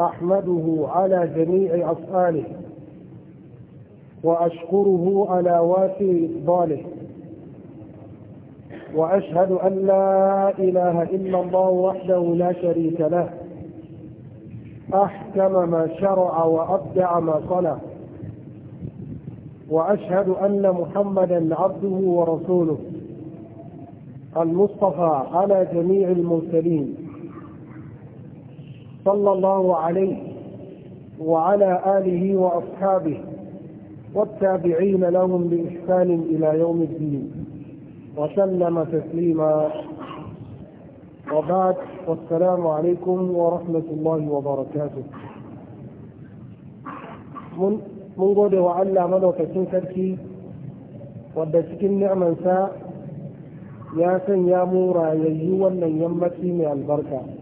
أحمده على جميع أفعاله وأشكره على وافي إقباله وأشهد أن لا إله إلا الله وحده لا شريك له أحكم ما شرع وأبدع ما صنع وأشهد أن محمدا عبده ورسوله المصطفى على جميع المرسلين صلى الله عليه وعلى آله وأصحابه والتابعين لهم بإحسان إلى يوم الدين وسلم تسليما وبعد والسلام عليكم ورحمة الله وبركاته من من gode وعلى Allah madaukakin sarki wadda cikin ساء ya يا mu rayayyu wannan من البركه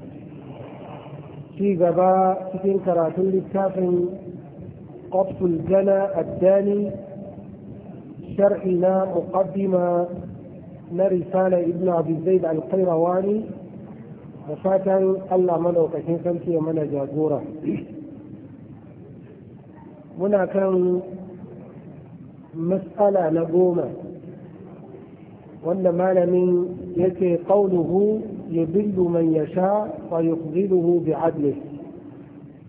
في غباء cikin karatun littafin قطف الجنى الداني شرحنا مقدمة نرسالة ابن عبد الزيد القيرواني وفاتا الله ملو كشين سمسي ومنا جاغورا منا كان مسألة نقومة وأن مال من يكي قوله يضل من يشاء فيقبله بعدله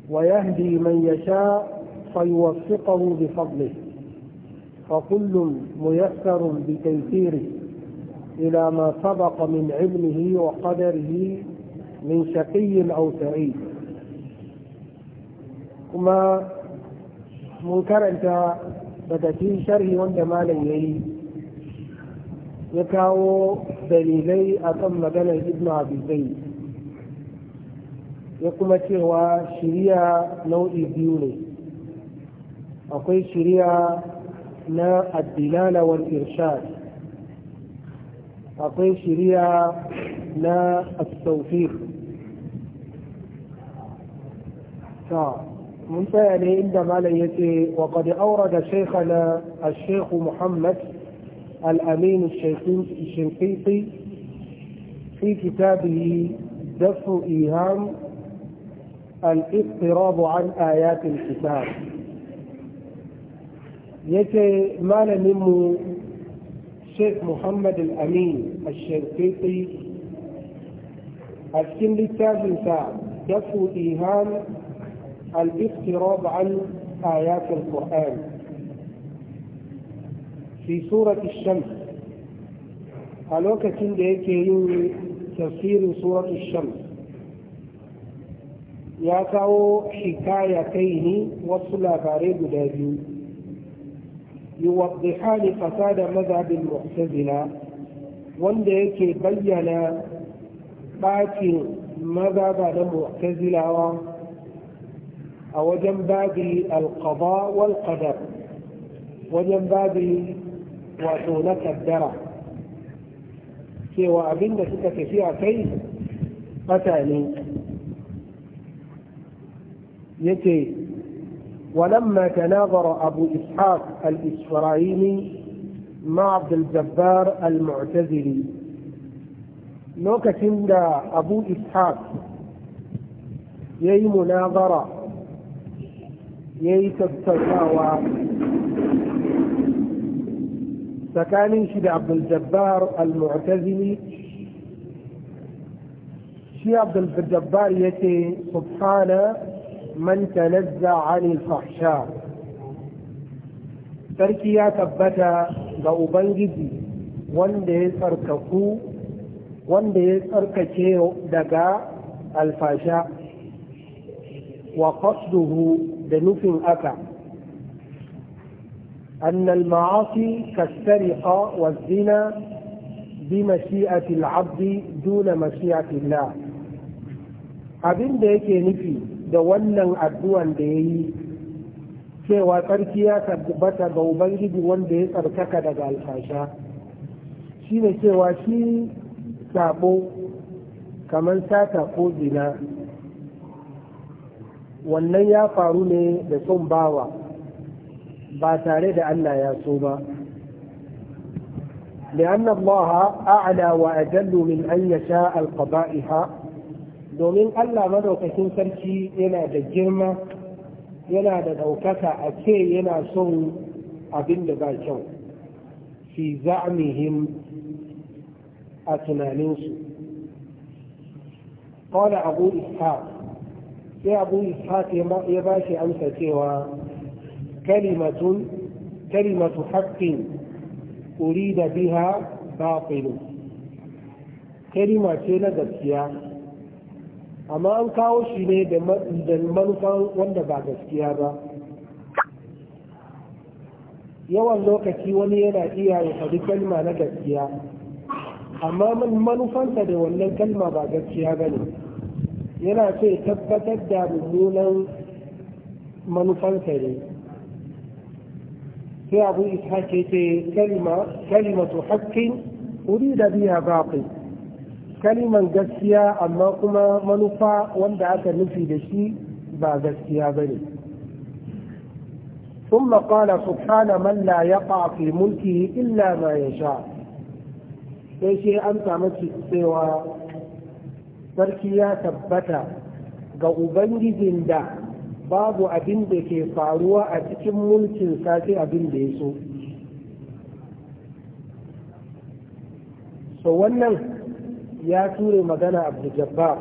ويهدي من يشاء فيوفقه بفضله فكل ميسر بتيسيره إلى ما سبق من علمه وقدره من شقي أو سعيد كما منكر أنت بدأت شره وانت ما لن يكاو دليلي أتم جنة ابن أبي زيد يقوم تيوا شريعة نو إبيوني أقول شريعة نا الدلالة والإرشاد أقول شريعة نا التوفيق ف... منتهى عندما لا وقد أورد شيخنا الشيخ محمد الأمين الشنقيطي في كتابه دفع إيهام الاضطراب عن آيات الكتاب يتي ما لنم شيخ محمد الأمين الشنقيطي أسكن ساعة دفع إيهام الاضطراب عن آيات القرآن fi surati a lokacin da yake yin tafsirin surati shams ya kawo hikaya kai ne wasu labarai guda biyu yuwaddihani fasada mazhabin mu'tazila wanda yake bayyana ɓacin mazhaba na mu'tazilawa a wajen babi alqada wal qadar wajen babi wato na kaddara cewa abin da suka tafi a kai yake ولما تناظر أبو إسحاق الإسرائيلي مع عبد الجبار المعتزلي لو دا أبو إسحاق يي مناظرة يي تتساوى tsakanin shi da abdul-jabbar al-mu'tazili shi abdul ya ce subhana man tanazza anil fahsha sarki ya tabbata ga ubangiji wanda ya tsarkaku wanda ya tsarkake daga alfasha wa qasduhu da nufin aka أن المعاصي كالسرقة والزنا بمشيئة العبد دون مشيئة الله abin da yake nufi da wannan addu'an da ya yi cewa tsarki ya tabbata ga ubangiji wanda ya tsarkaka daga alfasha shi ne cewa shi sabo kamar sata ko zina wannan ya faru ne da son bawa ba tare da Allah ya so ba لأن الله أعلى وأجل من أن يشاء القبائح domin Allah madaukakin sarki yana da girma yana da ɗaukaka a ce yana son abin da ba kyau fi za'amihim a tunaninsu قال أبو إسحاق sai abu ishaq ya ba shi amsa cewa كلمة كلمة حق أريد بها باطل كلمة كينا gaskiya amma an kawo shi ne da manufan wanda ba gaskiya ba yawan lokaci wani yana iya ya faɗi kalima na gaskiya amma manufansa da wannan kalma ba gaskiya ba ne yana so ya tabbatar da mummunan manufansa ne في أبو إسحاق كلمة كلمة حق أريد بها باطل كلمة قسيا أما كما منفع وندعك نفي دشي بعد قسيا ثم قال سبحان من لا يقع في ملكه إلا ما يشاء ليش أنت مسك سوى تركيا ثبتا قوبنجي زندا babu abin da ke faruwa a cikin mulkin sai abin da ya so so wannan ya ture magana abu jabbar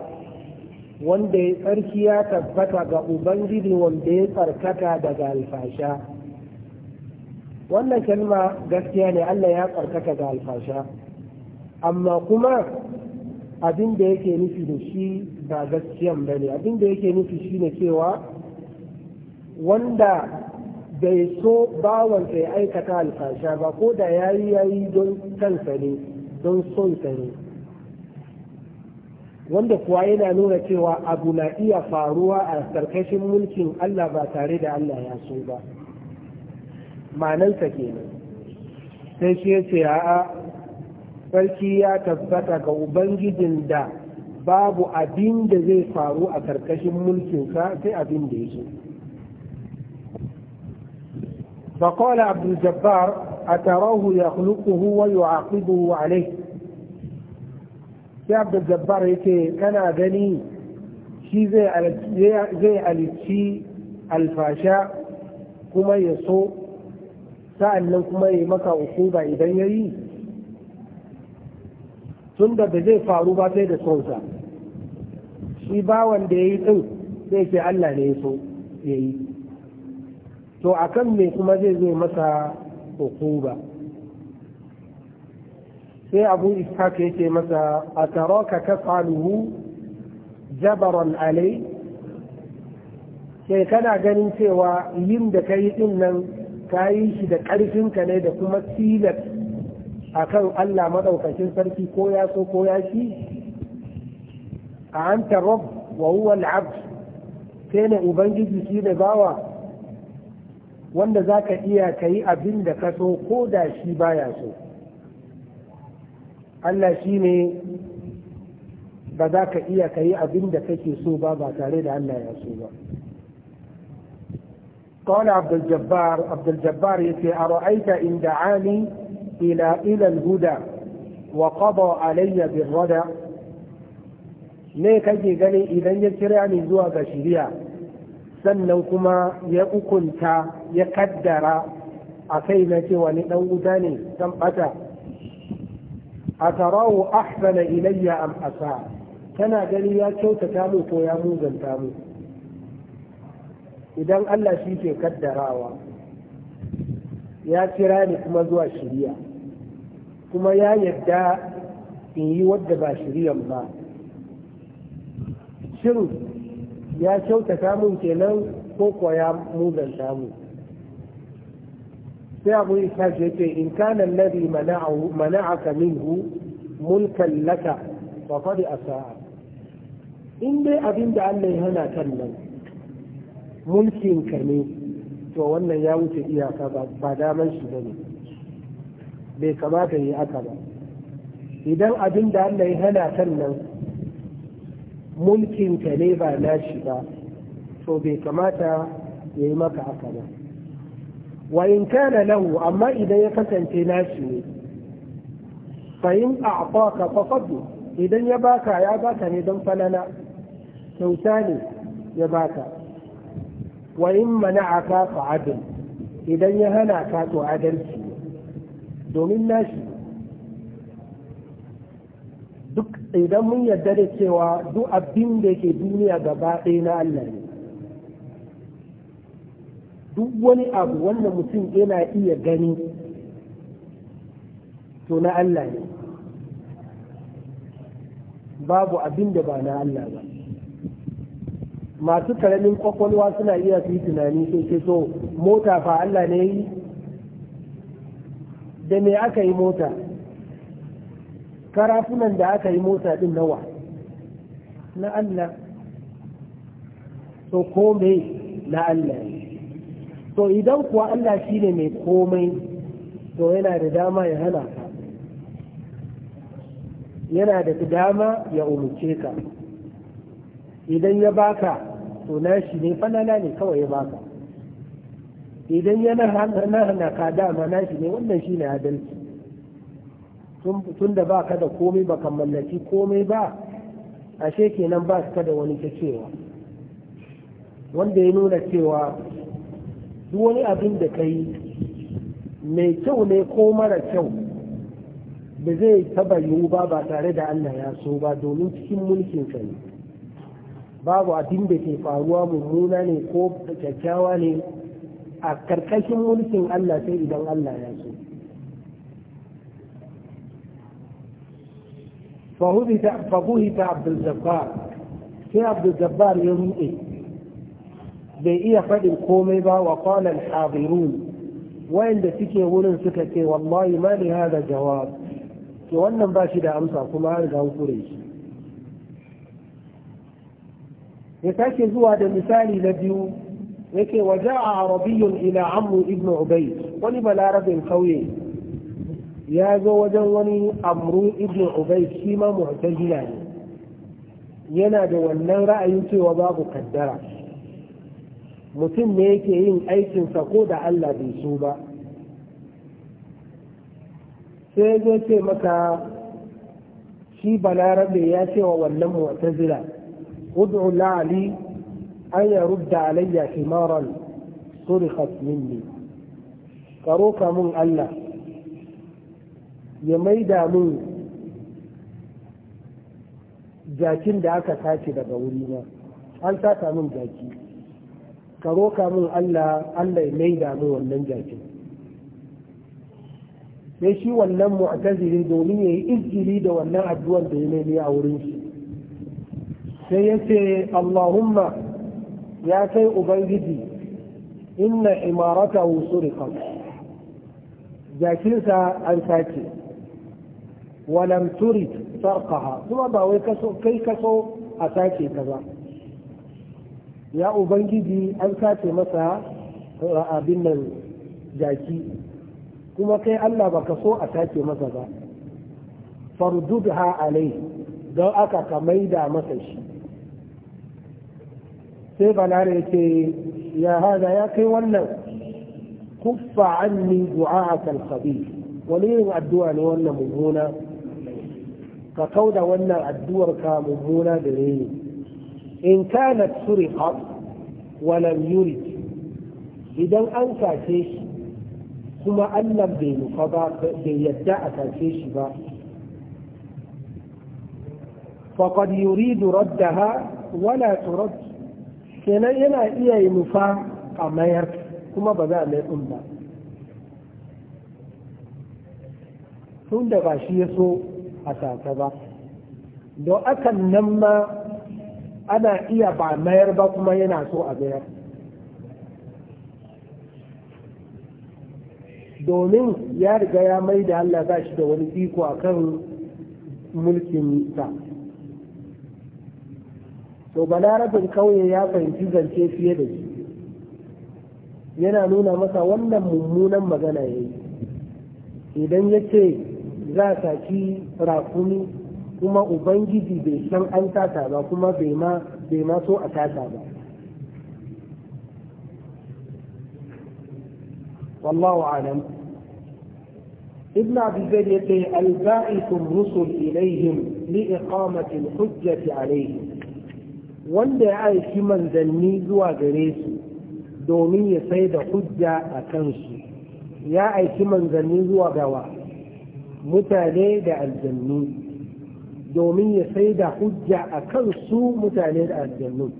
wanda ya tsarki ya tabbata ga ubangiji wanda ya tsarkaka daga alfasha wannan kalma gaskiya ne allah ya tsarkaka ga alfasha amma kuma abin da yake nufi da shi ba gaskiyan ba ne abin da yake nufi shi ne cewa wanda bai so bawansa ya aikata alfasha ba ko da ya yi ya yi don kansa ne don son ne wanda kuwa yana nuna cewa abu na iya faruwa a karkashin mulkin Allah ba tare da Allah ya so ba manansa kenan sai shi ya ce a'a sarki ya tabbata ga ubangijin da babu abin da zai faru a karkashin mulkinsa sai abin da ya so فقال عبد الجبار أتراه يخلقه ويعاقبه عليه يا عبد الجبار يكي كان غني شي زي الشي الفاشاء كما يسوء sa'annan kuma yi maka ukuba idan ya yi tun da ba zai faru ba sai da sonsa shi bawan da ya yi ɗin zai ce Allah ne ya so to akan me kuma zai zo masa hukuba sai abu ishaq yake masa a taraka taf'aluhu jabaron alai sai kana ganin cewa yin da yi din nan ka yi shi da ƙarfinka ne da kuma tilas akan Allah maɗaukacin sarki ko ya so ko ya shi a an rabb wa huwa al sai ne ubangiji shi ne bawa wanda za ka iya ka yi abin da ka so ko da shi baya so Allah shi ne ba za ka iya ka yi abin da kake so ba ba tare da Allah ya so ba قال عبد الجبار عبد الجبار يتي أرأيت إن دعاني إلى إلى الهدى وقضى علي بالردى ne kake ganin idan ya kira ni zuwa ga sannan kuma ya hukunta ya kaddara a kai na cewa ni ɗan wuta ne ɗan ɓata. a tarawo ahsana ilayya am asa tana gani ya kyautata mu ko ya muzanta mu idan Allah shi ke kaddarawa ya kira ni kuma zuwa shirya kuma ya yadda in yi wadda ba shiryan ba shirin ya kyautata mun kenan ko kuwa ya muzanta mu sai abu isa ce ce in kana a mana'aka minhu mulkan laka faɗi a sa'a. in dai abin da Allah ya hana kan nan mulkin ka ne to wannan ya wuce iyaka ba daman shi ne, bai kamata yi aka ba idan abin da Allah ya hana kan nan mulkin ka ne ba nashi ba to bai kamata ya yi maka haka ba wa in kana lahu amma idan ya kasance nashi ne fa in a'taka fa idan ya baka ya baka ne don falala kyauta ne ya baka wa in mana'aka fa adl idan ya hana ka to adalci domin nashi duk idan mun yadda da cewa duk abin da ke duniya gaba ɗaya na Allah ne duk wani abu wanda mutum yana iya gani to na Allah ne babu abin da ba na Allah ba masu karamin kwakwalwa suna iya su yi tunani sai ce so mota fa Allah ne yi da me aka yi mota karafunan da aka yi mota din nawa na Allah to komai na Allah to idan kuwa Allah shi ne mai komai to yana da dama ya hana ka yana da dama ya umarce ka idan ya baka to na shi ne fanana ne kawai ya baka idan yana hana ka dama na shi ne wannan shi ne adalci tun da ba ka da komai ba ka mallaki komai ba ashe kenan ba su da wani ta cewa wanda ya nuna cewa duk wani abin da ka yi mai kyau ne ko mara kyau da zai taba yiwu ba ba tare da Allah ya so ba domin cikin mulkin ka ne babu abin da ke faruwa mummuna ne ko kyakkyawa ne a karkashin mulkin Allah sai idan Allah ya so فهبت فبهت عبد الجبار في عبد الجبار يوم ايه بيئي خد إيه القومبة وقال الحاضرون وين ده تكي يقولون سكتي والله ما لهذا جواب وانا مباشي ده امسا كما هذا هو يتاكي زو هذا المثال الذي يكي وجاء عربي الى عم ابن عبيد ولما لا رب خويه ya zo wajen wani amru ibn ubay shi ma mu'tazila ne yana da wannan ra'ayin cewa babu kaddara mutum ne yake yin aikinsa ko da Allah bai so ba sai zo ce maka shi balarabe ya ce wa wannan mu'tazila ud'u la'ali an rudda alayya himaran surikhat minni ka roka mun Allah ya maida min jakin da aka sace daga wurina an sata min jaki ka roka min Allah Allah ya mai damun wannan jakin sai shi wannan mu'tazili domin yayi izgili da wannan addu'ar da ya nemi a wurin shi sai ya ce Allahumma ya kai ubangiji inna imaratahu suriqat jakinsa an sace walam turid sarqaha kuma ba wai kai kaso a sace ka ba ya ubangiji an sace masa abin nan jaki kuma kai Allah ba kaso a sace masa ba fardudha alai don aka ka maida masa shi sai balare ce ya hada ya kai wannan kuffa anni du'a al khabir wani irin addu'a ne wannan mummuna ka da wannan addu'ar ka mummuna da ne in na suriqa wa lam yurid idan an kace shi kuma Allah bai nufa ba bai yadda a kace shi ba faqad yuridu ha wala turad kenan yana iya yi nufa a mayar kuma ba za a mai ba tun da ba shi ya so ta ta ba don akan nan ma ana iya ba mayar ba kuma yana so a mayar domin ya riga ya mai da Allah za shi da wani iko a kan mulkin sa to balarabin kauye ya fahimci zance fiye da shi yana nuna masa wannan mummunan magana ya yi idan ya ce za a saki rakumi kuma ubangiji bai san an tata ba kuma bai ma so a tata ba Wallahu والله أعلم ابن ya ce يقول rusul الرسل li لإقامة hujjati عليهم wanda ya aiki manzanni zuwa gare su domin ya sai da hujja a kansu ya aiki manzanni zuwa gawa mutane da aljannu domin ya sai da hujja a kan su mutane da aljannu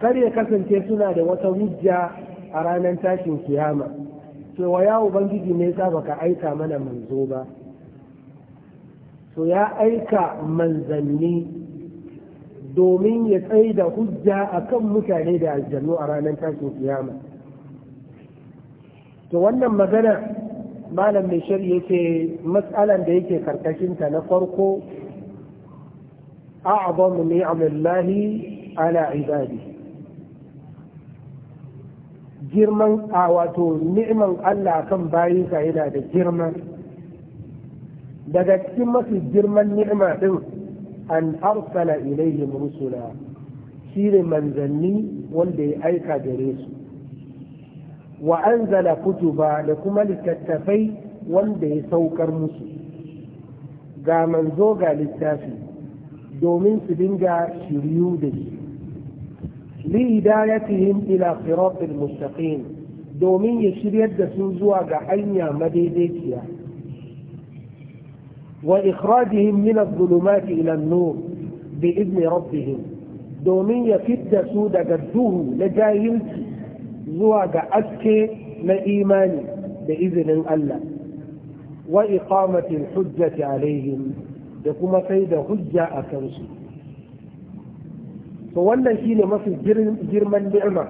kar ya kasance suna da wata hujja a ranar tashin kiyama cewa ya ubangiji ne sa baka aika mana manzo ba so ya aika manzanni domin ya tsaye da hujja a kan mutane da aljannu a ranar tashin kiyama to wannan magana malam mai shari yake matsalan da yake karkashinta na farko ne, ni'amillahi ala ibadi girman a wato ni'iman Allah kan bayinsa yana da girma daga cikin mafi girman ni'ima din an arsala ilaihim rusula shi ne manzanni wanda ya aika gare su wa anzala kutuba da kuma littattafai wanda ya saukar musu ga manzo ga littafi domin su dinga shiryu da shi لهدايتهم إلى صراط المستقيم domin ya shiryar da su zuwa ga hanya madaidaiciya wa ikhrajihim min adh-dhulumati ila an-nur bi idni rabbihim domin ya da su daga duhu na jahilci zuwa ga aske na imani da izinin Allah wa iqamatil hujjati alaihim da kuma sai da hujja a kansu to wannan shine mafi girman ni'ima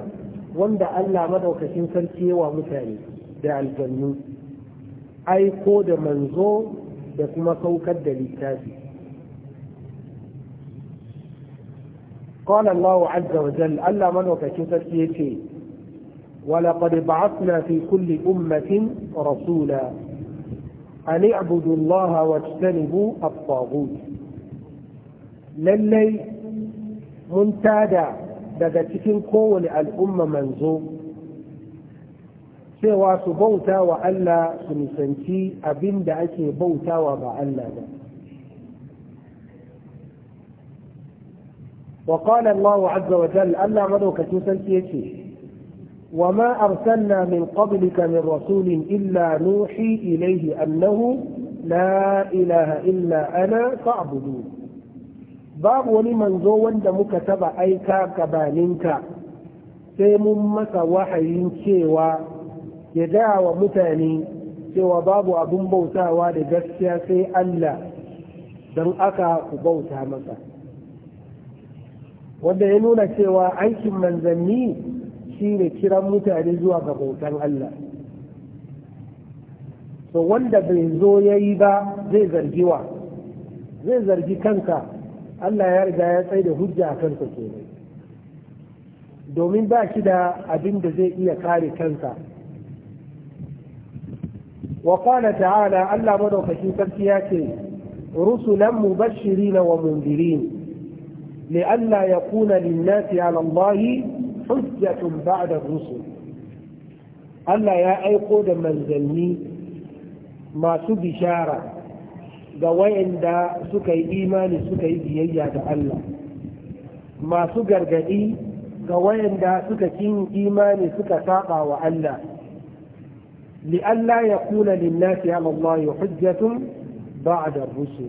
wanda Allah madaukakin sarki wa mutane da aljannu aiko da manzo da kuma saukar da littafi قال الله عز وجل Allah من وكشف يتي ولقد بعثنا في كل أمة رسولا أن اعبدوا الله واجتنبوا الطاغوت للي منتادا دقا تكن الأمة منزو سوى سبوتا وألا سنسنتي أبين دعكي بوتا دا وقال الله عز وجل ألا مدوك تنسنتي يتيه وما أرسلنا من قبلك من رسول إلا نوحي إليه أنه لا إله إلا أنا فاعبدون باب wani manzo wanda muka taba aika gabaninka sai mun masa wahayin cewa ya daya wa mutane cewa babu abun bautawa da gaskiya sai Allah don aka ku bauta masa wanda ya nuna cewa aikin manzanni ne kiran mutane zuwa ga bautan Allah to wanda bai zo ya yi ba zai zargi wa zai zargi kanka Allah ya riga ya tsaye da hujja a kanka kenan domin ba shi da abin da zai iya kare kanka wa qala ta'ala Allah madaukakin sarki ya ce rusulan mubashirin wa mundirin ya kuna للناس على الله hujjatun ba'da rusul Allah ya aiko da manzanni masu bishara ga wayanda suka yi imani suka yi biyayya da Allah masu gargadi ga wayanda suka kin imani suka saba wa Allah لئلا يكون للناس على الله حجة بعد الرسل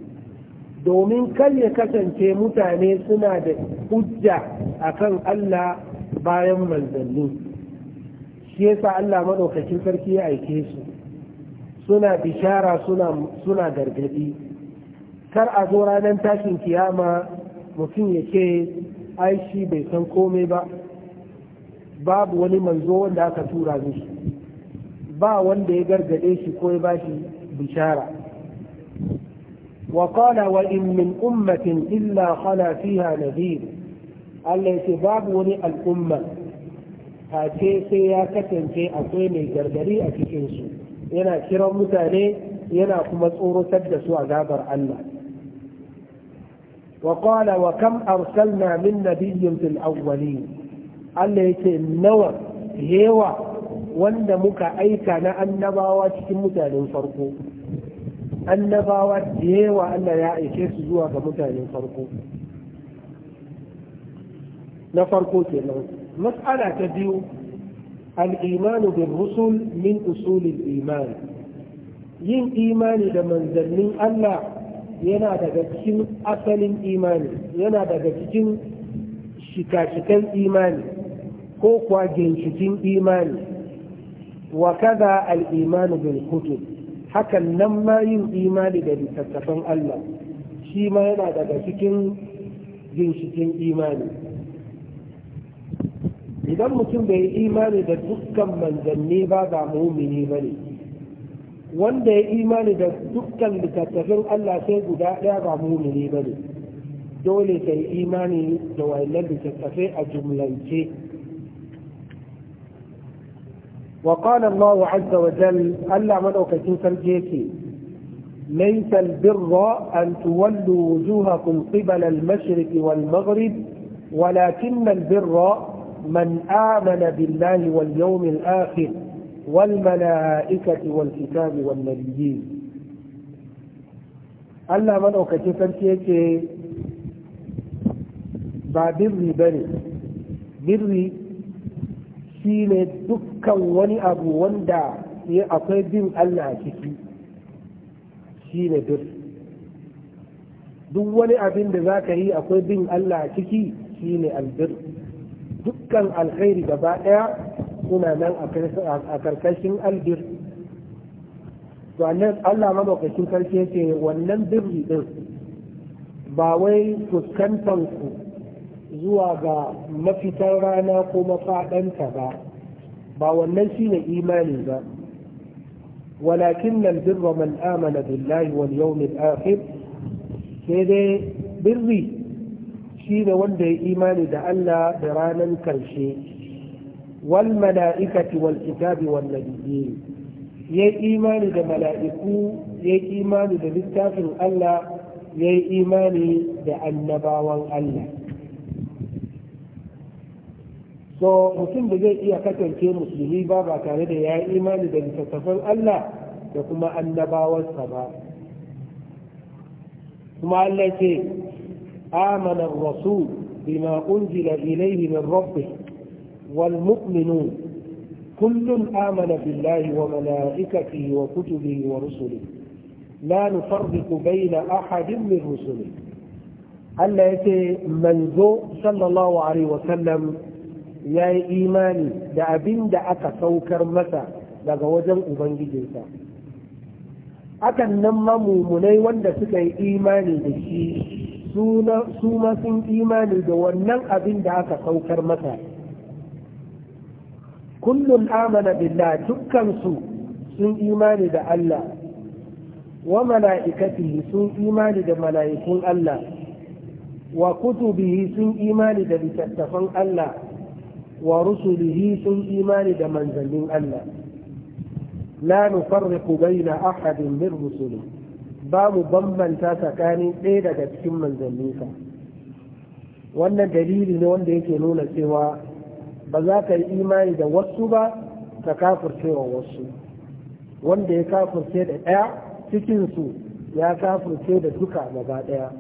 domin kar ya kasance mutane suna da hujja akan Allah bayan manzanni shi yasa Allah maɗaukacin sarki ya aike su suna bishara suna gargadi kar a zo ranar tashin kiyama mutum ya ce ai shi bai san komai ba babu wani manzo wanda aka tura mishi ba wanda ya gargade shi ko ya bashi bishara وقال وإن من أمة إلا خلا فيها نذير Allah ya ce babu wani al'umma face sai ya kasance akwai mai gargari a cikinsu yana kiran mutane yana kuma tsorotar da su a gabar Allah وقال وكم أرسلنا من نبي في الأولين Allah ya ce nawa yawa wanda muka aika na annabawa cikin mutanen farko annabawa da yawa Allah ya aike su zuwa ga mutanen farko na farko kenan mas'ala ta biyu al-imanu bil rusul min usulil iman yin imani da manzannin Allah yana daga cikin asalin imani yana daga cikin shika-shikan imani ko kuwa ginshikin imani wa kaza al-imanu bil kutub hakan nan ma yin imani da littattafan Allah shi ma yana daga cikin ginshikin imani idan mutum bai imani da dukkan manzanni ba ga mumini ba ne wanda ya imani da dukkan littattafin Allah sai guda ɗaya ba mumini ba ne dole ka yi imani da wayannan littattafai a jumlance wa qala وقال azza wa وجل ألا من أوكتين سرجيكي ليس البر أن تولوا وجوهكم قبل المشرق والمغرب ولكن البر من آمن بالله واليوم الآخر والملائكة والكتاب والنبيين Allah maɗaukacin sarki yake ba birri ba ne, birri shi ne dukkan wani abu wanda ya akwai bin Allah a ciki shi ne birri. Duk wani abin da za ka yi akwai bin Allah a ciki shi ne albirri. dukkan alkhairi gaba ɗaya suna nan a karkashin albir to Allah madaukakin karshe ce wannan birri din ba wai fuskantar ku zuwa ga mafitar rana ko mafaɗanta ba ba wannan shine imani ba ولكن البر من آمن بالله واليوم Sai dai بري shi ne wanda ya imani da Allah da ranar karshe wal mala'ikati wal kitabi wal nabiyyi ya imani da mala'iku ya imani da littafin Allah ya imani da annabawan Allah so mutum da zai iya kasance musulmi ba ba tare da ya imani da littattafan Allah da kuma annabawansa ba kuma Allah ce آمن الرسول بما أنزل إليه من ربه والمؤمنون كل آمن بالله وملائكته وكتبه ورسله لا نفرق بين أحد من رسله هل يتي منذو صلى الله عليه وسلم يا إيماني دا أبين دا أكا سوكر متى دا غوجن أبنج جنسا أكا نمم ومني وندسك إيماني بشي su ma sun imani da wannan abin da aka saukar mata Kullum amana billah dukkansu sun imani da Allah wa mala'ikatihi sun imani da mala'ikun Allah wa kutubihi sun imani da littattafan Allah wa rusulihi sun imani da manzannin Allah la nufarriqu bayna ahadin min rusulihi ba mu bambanta tsakanin ɗaya daga cikin manzanninsa wannan dalili ne wanda yake nuna cewa ba za ka yi imani da wasu ba ka wa wasu wanda ya kafirce da ɗaya cikinsu ya kafirce da duka gaba ɗaya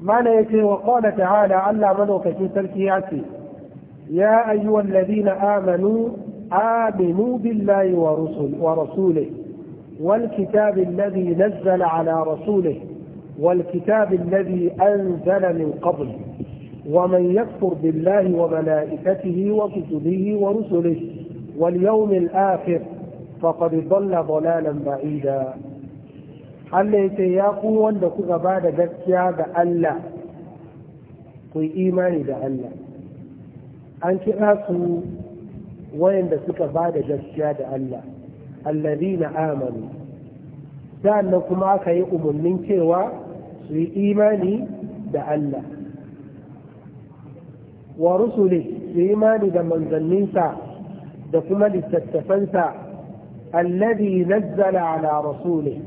mana ya ce wa ƙona ta'ala Allah madaukacin sarki ya ce يا أيها الذين آمنوا آمنوا بالله ورسل ورسوله والكتاب الذي نزل على رسوله والكتاب الذي أنزل من قبل ومن يكفر بالله وملائكته وكتبه ورسله واليوم الآخر فقد ضل ضلالا بعيدا هل يتياقوا ce بعد ku wanda kuka ba da gaskiya an kira su wayanda suka ba da gaskiya da Allah allazina amanu sannan kuma aka yi umarnin cewa su yi imani da Allah wa rusuli su yi imani da manzanninsa da kuma littattafansa allazi nazzala ala rasuli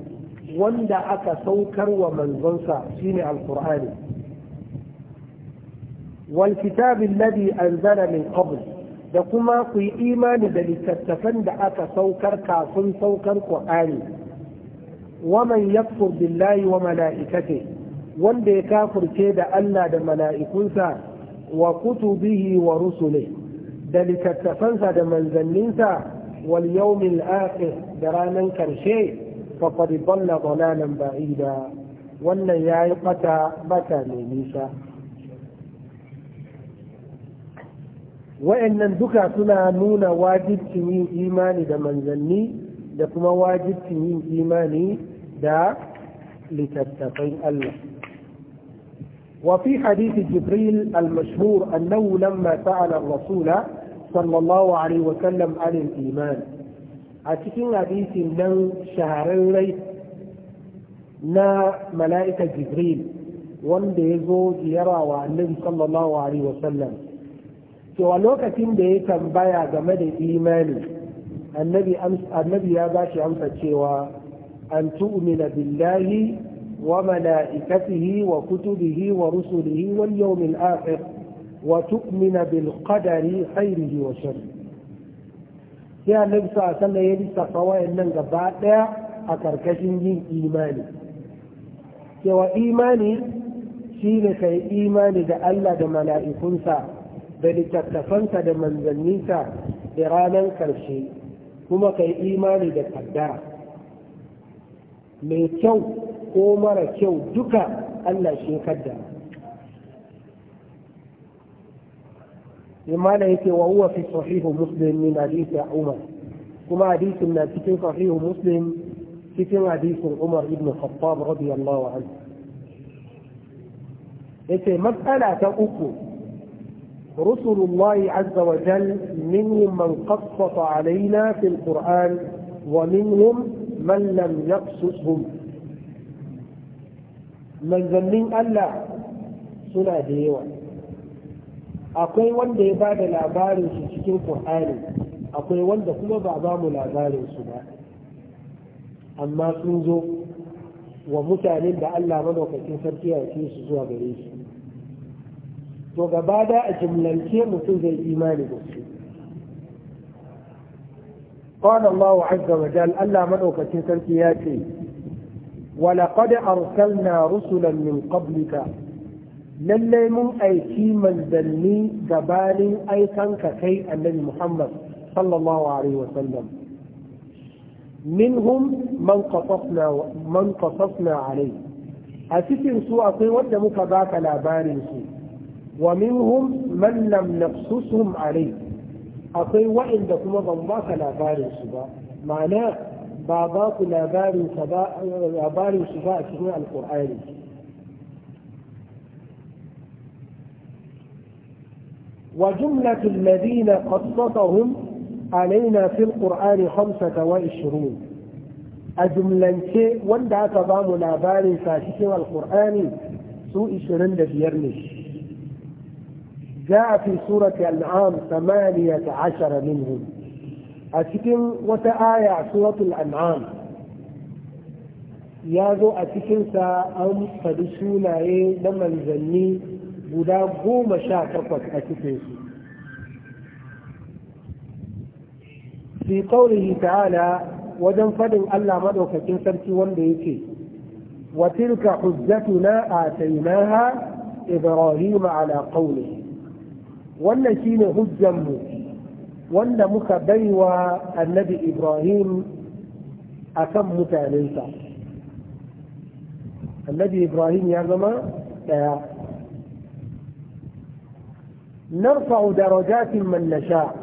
wanda aka saukar wa manzonsa shine alqur'ani wal kitabi alladhi anzala min da kuma ku yi imani da littattafan da aka saukar kafin saukar ƙwa'ani. waman ya billahi wa mala'ikatihi wanda ya kafurce da Allah da mala'ikunsa wa kutubihi wa rusule da littattafansa da manzanninsa wal yawmil akhir da ranar karshe faqad dalla dalalan ba'ida wannan yi bata bata mai nisa wa'annan duka suna nuna wajibcin yin imani da manzanni da kuma wajibcin yin imani da littattafan Allah وفي حديث جبريل المشهور أنه لما سأل الرسول صلى الله عليه وسلم عن الإيمان أتكين حديث نو شهرين na mala'ika jibril wanda ya zo ziyara wa annabi sallallahu alaihi wasallam cewa lokacin da ya tambaya game da imani annabi ya ba shi amsa cewa an tu'mina billahi wa mala'ikatihi wa kutubihi wa rusulihi wal yawmil akhir wa tu'mina bil qadari khairihi wa sharri sai annabi sa sallan ya lissafa nan gaba daya a karkashin yin imani cewa imani shine kai imani da Allah da mala'ikunsa da littattafansa da manzanninsa da ranar karshe kuma ka yi imani da kaddara mai kyau ko mara kyau duka Allah shi kaddara لماذا يتي وهو في صحيح مسلم من حديث عمر كما حديث ما في صحيح مسلم في حديث عمر بن الخطاب رضي الله عنه يتي مسألة أخرى رسل الله عز وجل منهم من قصص علينا في القرآن ومنهم من لم يقصصهم من ظنين ألا سنة ديوان أقوي وان دي بعد العبار في القرآن أقوي وان دي كل بعضام العبار سنة أما سنزو ومتعلم بأن لا منو سنة سنتيا في سزوى to gaba da a jimlance mutum zai imani da su قال الله عز وجل ألا sarki ya ce. ولقد أرسلنا رسلا من قبلك lallai mun aiki manzanni gabanin aikanka kai annabi Muhammad sallallahu alaihi wasallam minhum man qasasna alai a cikin su akwai wanda muka baka labarin su ومنهم من لم نقصصهم عليه أطير وإن دا كما فلا باري سباء معناه باباك لا باري سباء لا باري سباء كنوع القرآن وجملة الذين قصتهم علينا في القرآن خمسة وعشرون أجملا كي وان دا لا باري سباء كنوع القرآن سوء شرند بيرنش Za fi جاء في سورة الأنعام ثمانية a cikin أتكن aya سورة al'am ya zo a cikinsa an faɗi sunaye na manzanni guda goma sha takwas a cikinsu. fi ƙaunihi ta'ala wajen faɗin Allah maɗaukacin sarki wanda ya Watirka wa na hujjatuna atainaha ibrahim ala qawlihi wannan shine hujjanmu wanda muka baiwa annabi ibrahim a kan mutanensa annabi ibrahim ya zama ɗaya narfa'u darajatin man nasha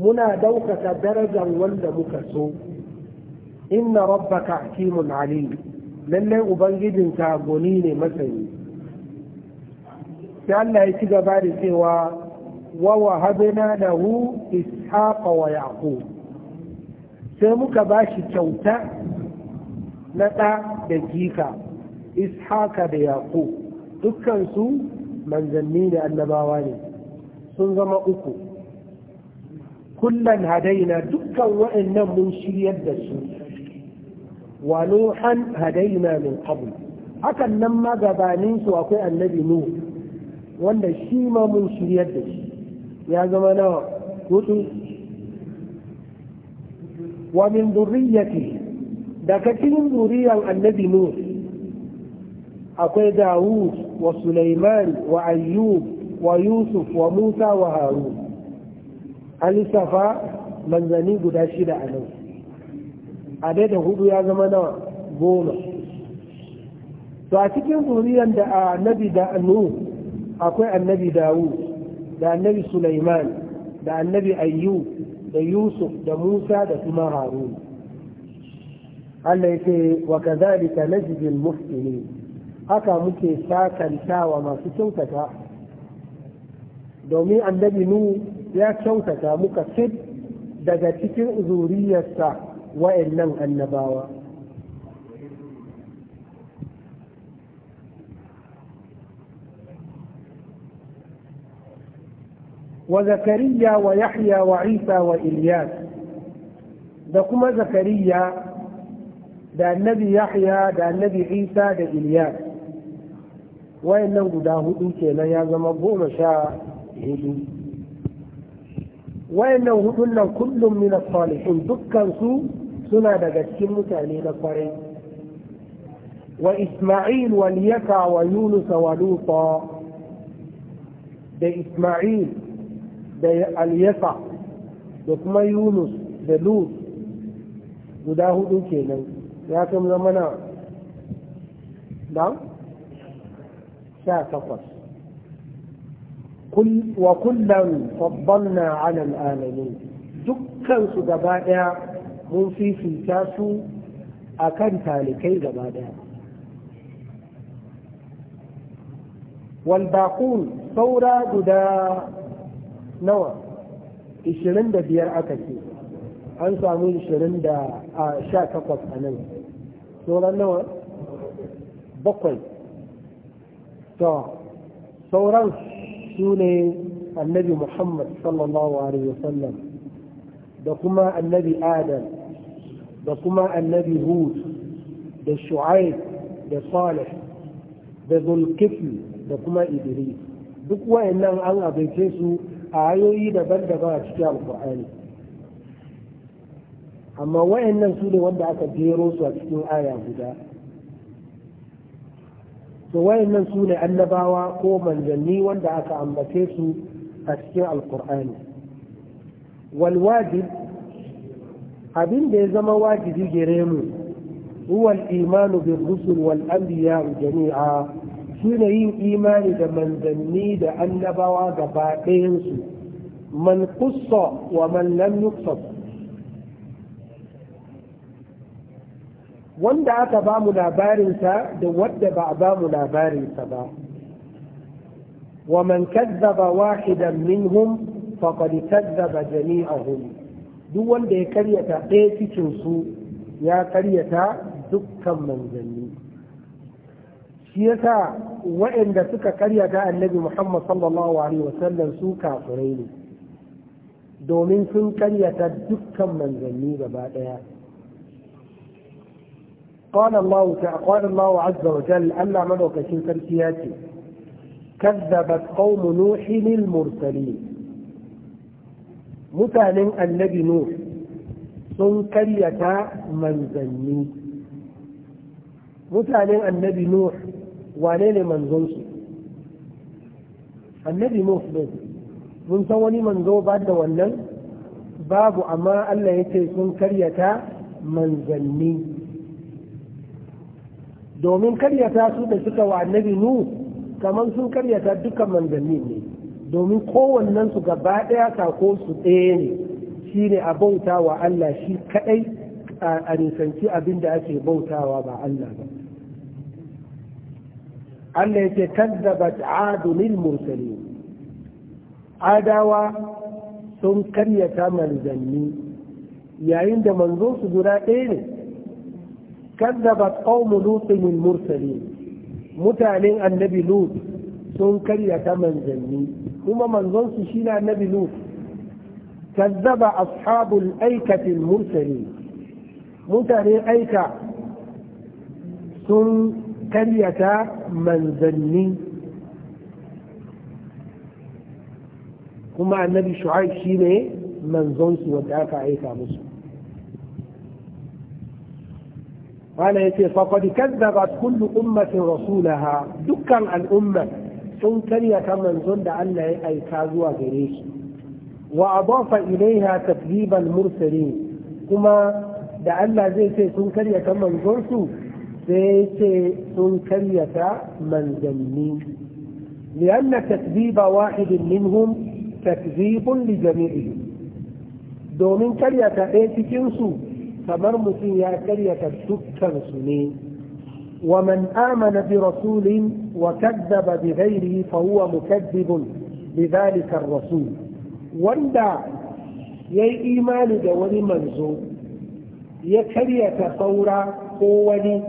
muna ɗaukaka darajar wanda muka so inna rabbaka hakimun alim lallai ubangijinka goni ne masani sai Allah ya ci gaba da cewa ووهبنا له إسحاق ويعقوب سيمك باش كوتا نتا دجيكا إسحاق ويعقوب دكان سو من زنين النباواني سنظم أكو كلا هدينا دكا وإن من شريد ونوحا هدينا من قبل hakan nan ma gabaninsu النبي نوح وأن wanda shi ma mun ya zama nawa hudu wa min da daga cikin zuriyar annabi nuh akwai dawud wa sulaiman wa ayyub wa yusuf wa musa wa harun alisafa manzani guda shida a nan a da hudu ya zama nawa goma to a cikin zuriyar da annabi da annu akwai annabi dawud da annabi Sulaiman da annabi Ayyub da Yusuf da Musa da kuma Harun Allah ce wa kadhalika najzi al ne. haka muke sakantawa masu kyautata domin annabi nu ya kyautata muka fit daga cikin zuriyarsa wa'annan annabawa وزكريا ويحيى وعيسى وإلياس da kuma zakariya da annabi yahya da annabi isa da iliyas wayannan guda hudu kenan ya zama goma sha hudu wayannan hudun nan kullum min salihin dukkansu suna daga cikin mutane na kwarai wa isma'il wal yaka wa yunusa wa luta da isma'il da alyasa da kuma yunus da lut guda hudu kenan ya zama na da sha takwas wa kullum babban ala anan dukkan su gaba daya mun fifita su a kan talikai gaba daya والباقون ثورة guda. nawa 25 aka ce an samu 20 da 18 a nan sauran nawa bakwai to sauran su ne annabi muhammad sallallahu alaihi wasallam da kuma annabi adam da kuma annabi hud da shu'aib da salih da zulkifli da kuma idris duk wayannan an abince su ayoyi daban-daban a cikin alkur'ani amma wayannan su ne wanda aka jero su a cikin aya guda to wayannan su ne annabawa ko manzanni wanda aka ambace su a cikin alkur'ani walwajib abin da ya zama wajibi gare mu huwa al-imanu bi rusul wal anbiya jami'a shine yin imani da manzanni da annabawa ga ɗayansu man kusa wa man lam yuqsas wanda aka ba mu labarinsa da wadda ba a ba mu labarinsa ba wa man kazzaba wahidan minhum faqad kazzaba jami'ahum duk wanda ya karyata ɗaya cikin su ya karyata dukkan manzanni shi yasa waɗanda suka karyata annabi muhammad sallallahu alaihi wasallam su kafirai ne domin sun karyata dukkan manzanni gaba ɗaya قال الله قال الله عز وجل ألا ملوك شنكرتياتي كذبت قوم نوح المرسلين متعلن النبي نوح سنكرية من ذني mutanen النبي نوح wane ne manzonsu annabi nuh ne mun san wani manzo ba da wannan babu amma Allah ya ce sun karyata manzanni domin karyata su da suka wa annabi nu kamar sun karyata dukkan manzanni ne domin kowannen su gaba ɗaya sako su ɗaya ne shi ne a bautawa Allah shi kadai a nisanci abin da ake bautawa ba Allah ba Allah yake kazzabat adulil mursali adawa sun karyata manzanni yayin da manzo su guda ɗaya ne kazzabat qaumu lutin mursali mutanen annabi lut sun karyata manzanni kuma manzon su shine annabi lut kazzaba ashabul aikati mursali mutanen aika sun karyata manzanni kuma annabi shu'aib shi ne manzonsu wanda aka aika musu wala yace faqad kadzabat kullu ummatin rasulaha dukkan al'umma sun karyata manzon da Allah ya aika zuwa gare su, wa adafa ilaiha takdhibal mursalin kuma da Allah zai ce sun karyata manzonsu sai ce sun karyata manzanni li'anna tasbiba wahidin minhum tasbibun li jami'ihim domin karyata ɗaya cikinsu, kamar mutum ya karyata dukkan ne wa man amana bi rasulin wa kaddaba bi ghairihi fa huwa mukaddibun bi dhalika ar-rasul wanda yayi imani da wani manzo ya karyata saura ko wani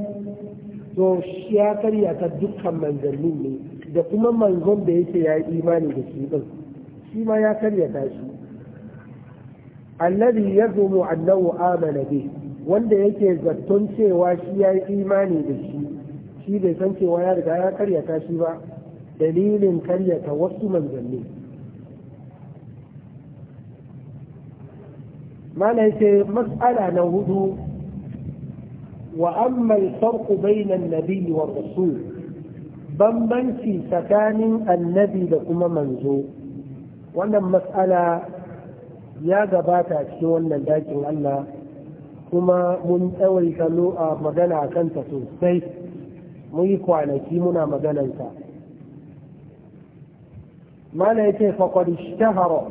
to shi ya karya ta dukkan manzanni ne da kuma manzon da yake ya yi imani da shi din shi ma ya karya ta shi alladhi yazumu annahu amana bi wanda yake zaton cewa shi ya yi imani da shi shi bai san cewa ya riga ya karya ta shi ba dalilin karya ta wasu manzanni mana yake mas'ala na hudu وأما الفرق بين النبي والرسول tsakanin annabi da kuma manzo. wannan matsala ya gabata a cikin wannan dakin Allah kuma mun tsawaita a magana a kanta sosai mun yi kwanaki muna magananta mana ya ce faƙwar ishtahara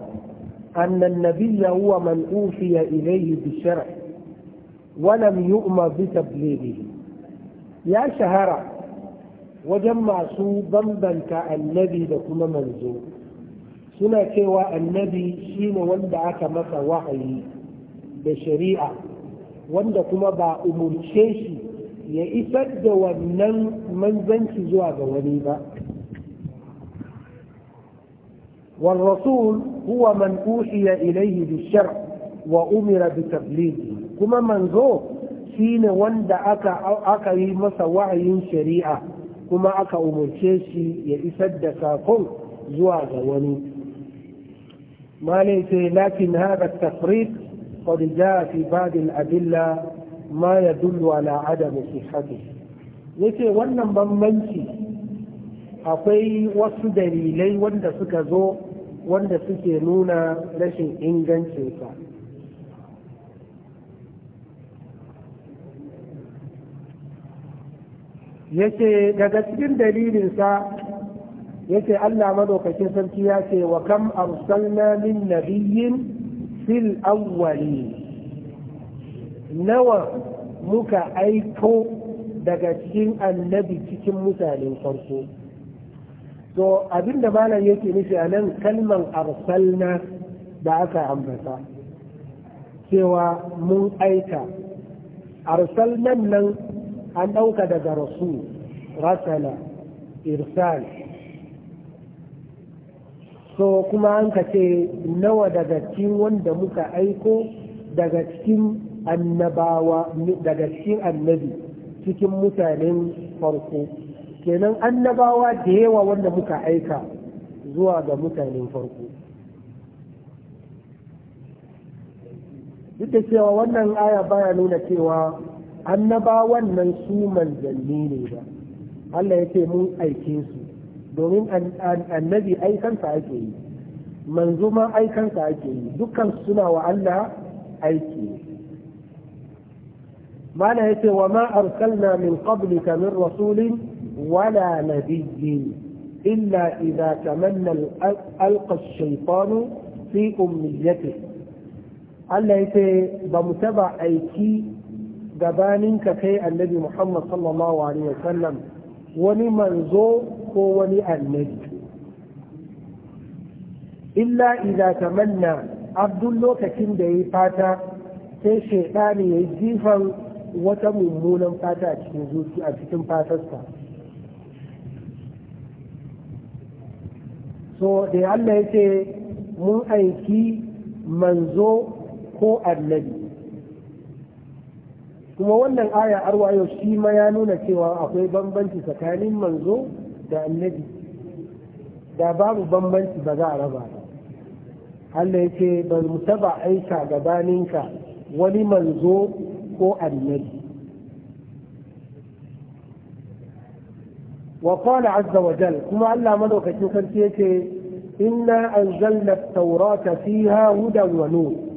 annan nabiya huwa man ufiya ilaihi bishara ولم يؤمر بتبليغه يا شهرة وجمع سو ضمبا كالنبي لكم منزو سنة كوا النبي شين وندعا كمسا وحي بشريعة وندعا كما با أمور شيشي يا يئفد ونن منزن سزوا بوليبا والرسول هو من أوحي إليه بالشرع وأمر بتبليغه kuma manzo shine wanda aka aka yi masa wahayin shari'a kuma aka umarce shi ya isar da sakon zuwa ga wani malai sai lakin hada tafrid qad jaa fi ba'd al-adilla ma yadullu ala adam sihhati yace wannan bambanci akwai wasu dalilai wanda suka zo wanda suke nuna rashin ingancinsa yake daga cikin dalilinsa yace Allah madaukakin sarki ya ce wa kam arsalna min nabiyyin fil awwali nawa muka aiko daga cikin annabi cikin mutanen farko to abinda malam yake nufi a nan kalman arsalna da aka ambata cewa mun aika arsalnan nan an ɗauka daga rasu rasala irsal so kuma an ka ce nawa daga cikin wanda muka aiko daga cikin annabawa daga cikin annabi cikin mutanen farko kenan annabawa da yawa wanda muka aika zuwa ga mutanen farko duk da cewa wannan aya baya nuna cewa annabawan nan su manzanni ne ba Allah ya ce mun aike su domin annabi aikansa ake yi manzo ma aikansa ake yi dukkan suna wa Allah aiki mana ya ce wa ma arsalna min qablika min rasulin wala nabiyyin illa idza tamanna alqa ash-shaytanu fi Allah ya ce ba mu taba aiki gabanin ka kai annabi Muhammad sallallahu alaihi wasallam wani manzo ko wani annabi illa idza tamanna abdul lokacin da yi fata sai shaidani yayi jifan wata mummunan fata a cikin zuciya a cikin fatarsa so da Allah ya ce mun aiki manzo ko annabi kuma wannan aya arwayo shi ma ya nuna cewa akwai bambanci tsakanin manzo da annabi da babu bambanci ba za a raba ba Allah yake ba mu taba aika gabaninka wani manzo ko annabi wa qala azza wa jal kuma Allah madaukakin sarki yake inna anzalna at-taurata fiha hudan wa nur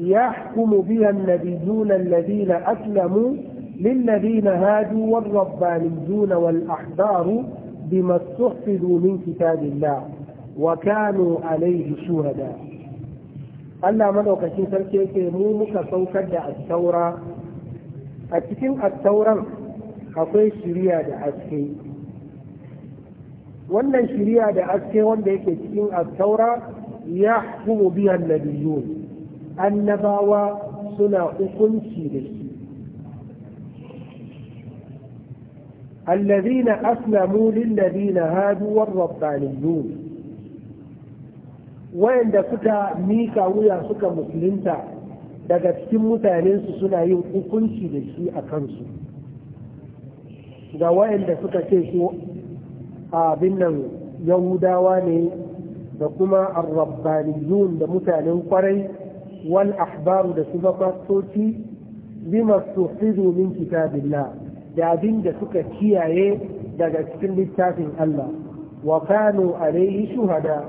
يحكم بها النبيون الذين أسلموا للذين هادوا والربانيون والأحبار بما استحفظوا من كتاب الله وكانوا عليه شهداء قال لها من وكشين سلسي كيمومك سوك دع الثورة أتكين الثورة أخي شريعة دع أسكي وأن شريعة دع أسكي وأن دعك الثورة يحكم بها النبيون annabawa suna hukunci da shi الذين أسلموا للذين هادوا والربانيون wayanda suka mika wuya suka musulunta, daga cikin mutanensu suna yin hukunci da shi a kansu ga wayanda suka ce su abin nan yahudawa ne da kuma arrabbaniyun da mutanen kwarai wal ahbaru da su mafastoci bima tuhidu min kitabillah da abin da suka kiyaye daga cikin littafin Allah wa kanu alaihi shuhada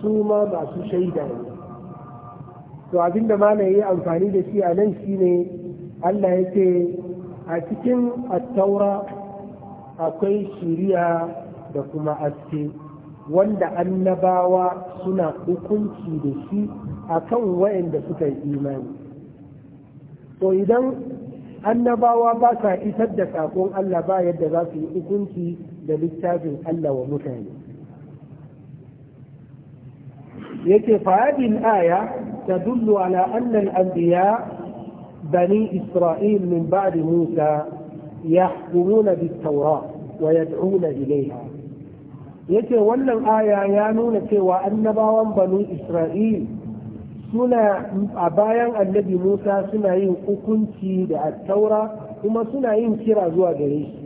su ma masu shaida ne to abin da ya yi amfani da shi a nan shine Allah ya ce a cikin attaura akwai shiriya da kuma aske. wanda annabawa suna hukunci da shi a kan wayanda suka yi imani to idan annabawa ba sa isar da saƙon Allah ba yadda za su yi hukunci da littafin Allah wa mutane yake fa'adin aya ta dullu ala annan anbiya bani isra'il min ba'di musa yahkumuna bit-taura wa yad'una ilayha yake wannan aya ya nuna cewa annabawan banu isra'il suna a bayan annabi musa suna yin hukunci da attaura kuma suna yin kira zuwa gare shi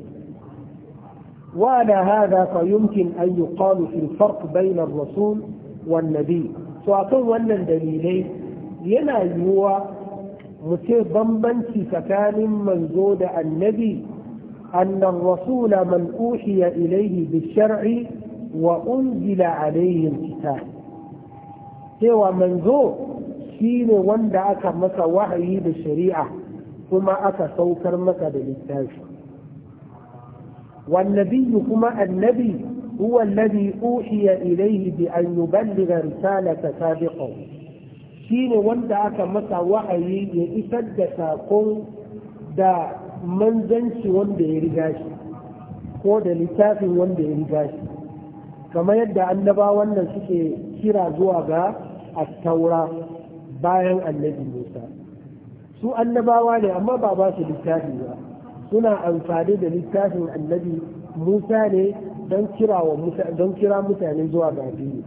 wa hada fa yumkin an yi qalu fil farq bainar rasul nabi to akan wannan dalilai yana yiwuwa mutum bambanci tsakanin manzo da annabi annan rasula man uhiya ilaihi bi shar'i wa unzila alaihim kitab cewa manzo shine wanda aka masa wahayi da shari'a kuma aka saukar masa da littafi والنبي كما النبي هو الذي أوحي إليه بأن يبلغ رسالة سابقه shine wanda aka masa wa'ayi ya isar da saƙon da manzanci wanda ya riga shi ko da littafin wanda ya riga shi kamar yadda annabawan wannan suke kira zuwa ga taura bayan annabi musa su annabawa ne amma ba ba su littafi ba suna amfani da littafin annabi musa ne don kira mutane zuwa ga addini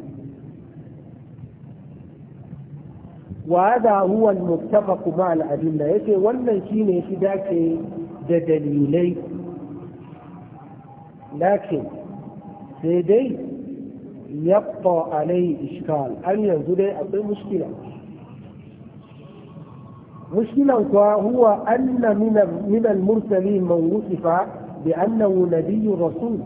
wa da huwa al-muttafaq ma al-adilla yace wannan shine shi dace da dalilai lakin sai dai يبقى عليه إشكال أن ينزل أقل مشكلة مشكلة هو أن من المرسلين من وصف بأنه نبي رسول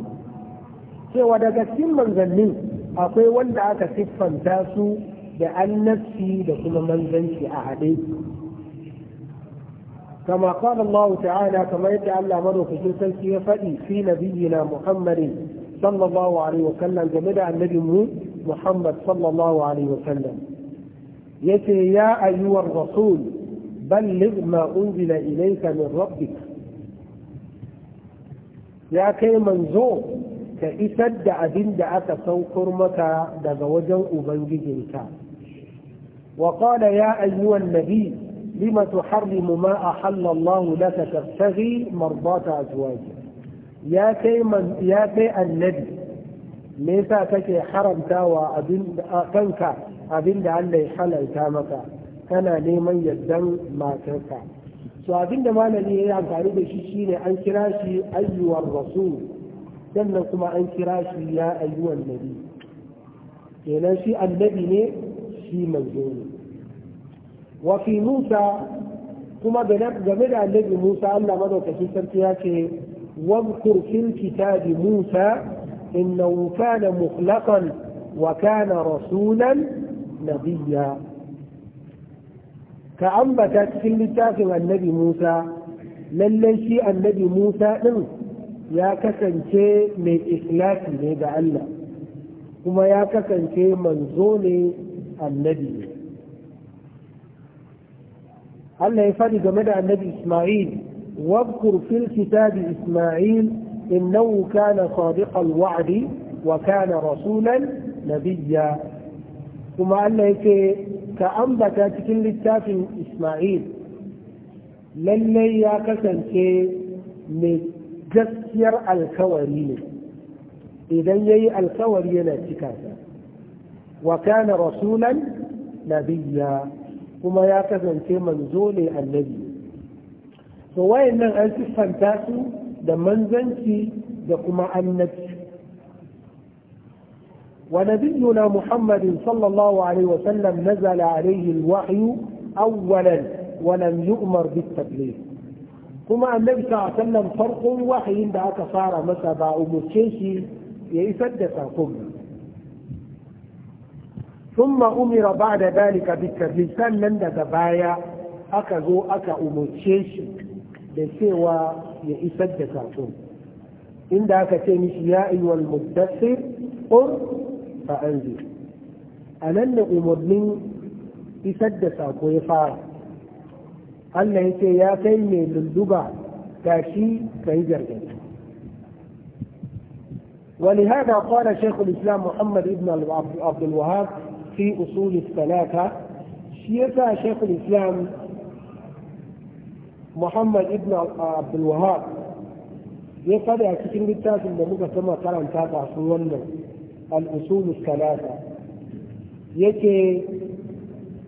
سوى دكتين من ذنين أقول وندع سفا تاسو بأن نفسي لكم من ذنسي أعدي كما قال الله تعالى كما يدعى الله مره في جلسة في نبينا محمد صلى الله عليه وسلم جميلة النبي محمد صلى الله عليه وسلم يتي يا أيها الرسول بلغ ما أنزل إليك من ربك يا كي منزو كإسد أبن دعك كرمك سوكرمك دغوجا أبنجدك وقال يا أيها النبي لما تحرم ما أحل الله لك تبتغي مرضات أزواجك ya kai ya kai annabi me yasa kake haramtawa abin kanka abin da Allah ya halalta maka kana neman yardan matarka to abin da malami ya yi amfani da shi shine an kira shi ayyuwar rasul sannan kuma an kira shi ya ayyuwar nabi kenan shi annabi ne shi manzo ne wa fi musa kuma game da annabi musa Allah madaukakin sarki ya ce واذكر في الكتاب موسى انه كان مخلقا وكان رسولا نبيا كأنبتت في اللتاكم النبي موسى لن للنشي النبي موسى إن يا كسن شيء من إخلاك لدى الله وما يا كسن شيء من زون النبي الله يفادي مدى النبي إسماعيل واذكر في الكتاب إسماعيل إنه كان صادق الوعد وكان رسولا نبيا ثم قال لك كأنبت تكل التاف إسماعيل للي يا كسن من جسير الكوارين إذا يي الكوارين نتكاسا وكان رسولا نبيا كما يا كي منزول النبي to wayannan an siffanta su da manzanci da kuma annabci ونبينا محمد صلى الله عليه وسلم نزل عليه الوحي أولا ولم يؤمر بالتبليغ كما النبي صلى الله عليه وسلم فرق وحي عند أكثر مسبا أمشيشي يسد ساقم ثم أمر بعد ذلك بالتبليغ سنن دبايا أكذو أكا أمشيشي da cewa ya isar da saƙo inda aka ce mishi ya ayyuwal muddassir qur fa a nan da umarnin isar da saƙo ya fara Allah ya ce ya kai mai lulluba ga shi ka yi gargaɗi ولهذا قال شيخ الإسلام محمد بن عبد الوهاب في أصول الثلاثة شيخ الإسلام muhammad ibn abdulwahab ya faɗi a cikin littafin da muka sama karanta su wannan al'usulu salata yake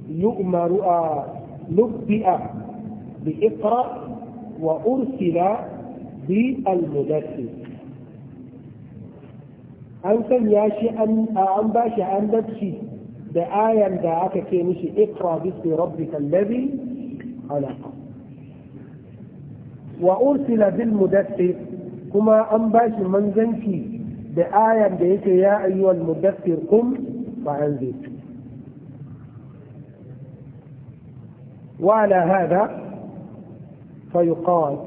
yu'maru a nubbi'a bi iqra wa ursila bi al-mudassir an san ya shi an ba shi an dabci da ayan da aka ce mishi iqra bi rabbika alladhi khalaqa وأرسل بالمدثر كما أنباش من an بآية بيك يا أيها المدثر قم yake وعلى هذا فيقال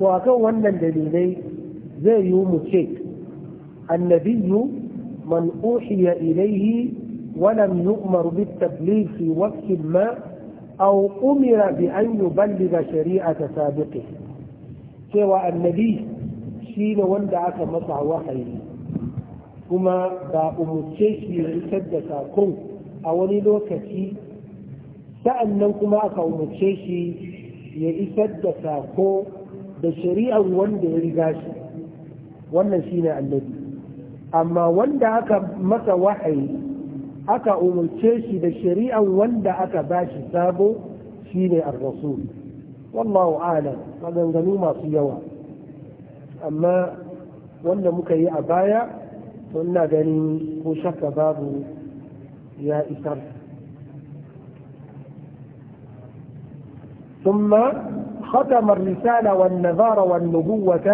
وأكون الدليلين زي يوم الشيك النبي من أوحي إليه ولم يؤمر بالتبليغ في وقت ما أو أمر بأن يبلغ شريعة سابقه cewa annabi shi ne wanda aka masa wahayi kuma ba umarce shi ya isar da sakon a wani lokaci nan kuma aka umarce shi ya isar da sako da shari'ar wanda ya riga shi wannan shi ne annabi amma wanda aka masa wahayi aka umarce shi da shari'ar wanda aka ba shi sabo shi ne ar-rasul والله أعلم maganganu masu yawa amma wanda muka yi a baya to ina ganin ko shakka babu ثم ختم الرسالة والنذار والنبوة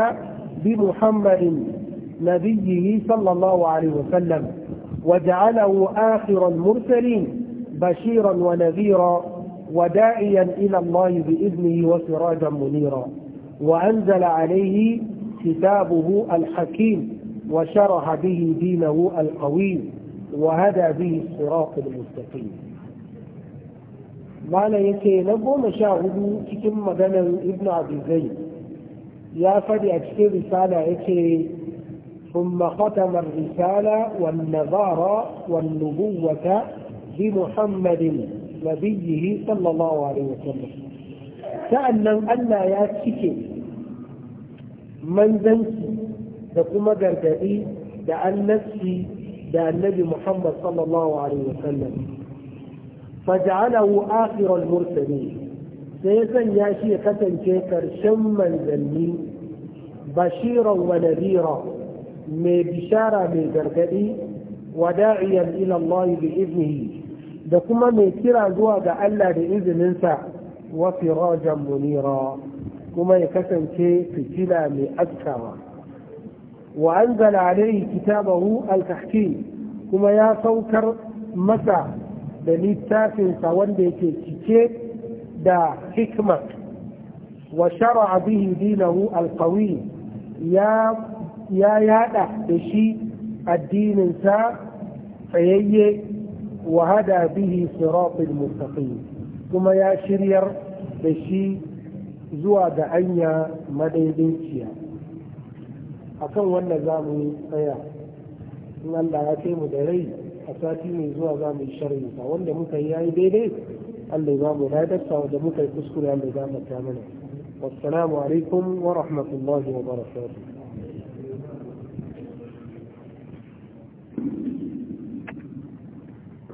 بمحمد نبيه صلى الله عليه وسلم وجعله آخر المرسلين بشيرا ونذيرا وداعيا إلى الله بإذنه وسراجا منيرا وأنزل عليه كتابه الحكيم وشرح به دينه القويم وهدى به الصراط المستقيم ما لا na goma كتم hudu cikin maganar ibn abizai ya faɗi a cikin ثم ختم الرسالة والنظارة والنبوة بمحمد نبيه صلى الله عليه وسلم sa'annan Allah ya cike manzanci da kuma gargaɗi da annabci da annabi Muhammad sallallahu alaihi wasallam faj'alahu akhirul mursalin sai ya sanya shi ya kasance karshen manzanni bashiran wa nadira mai bishara mai gargaɗi wa da'iyar ilallahi bi iznihi da kuma mai kira zuwa ga Allah da izininsa wa firajan munira kuma ya kasance fitila mai askawa wa anzala alaihi kitabahu al-tahkim kuma ya saukar masa da littafinsa wanda yake cike da hikma wa shara'a bihi dinahu al-qawi ya ya yada da shi addininsa tsayayye وهدى به صراط المستقيم ثم يا شرير zuwa زوى دعيا مديديتيا akan wannan za mu tsaya in Allah ya kai mu da rai a sati mai zuwa za mu yi ta wanda muka yi yayi daidai Allah ya ba mu wanda muka yi kuskure Allah ya mu ta mana wassalamu alaikum wa rahmatullahi wa barakatuh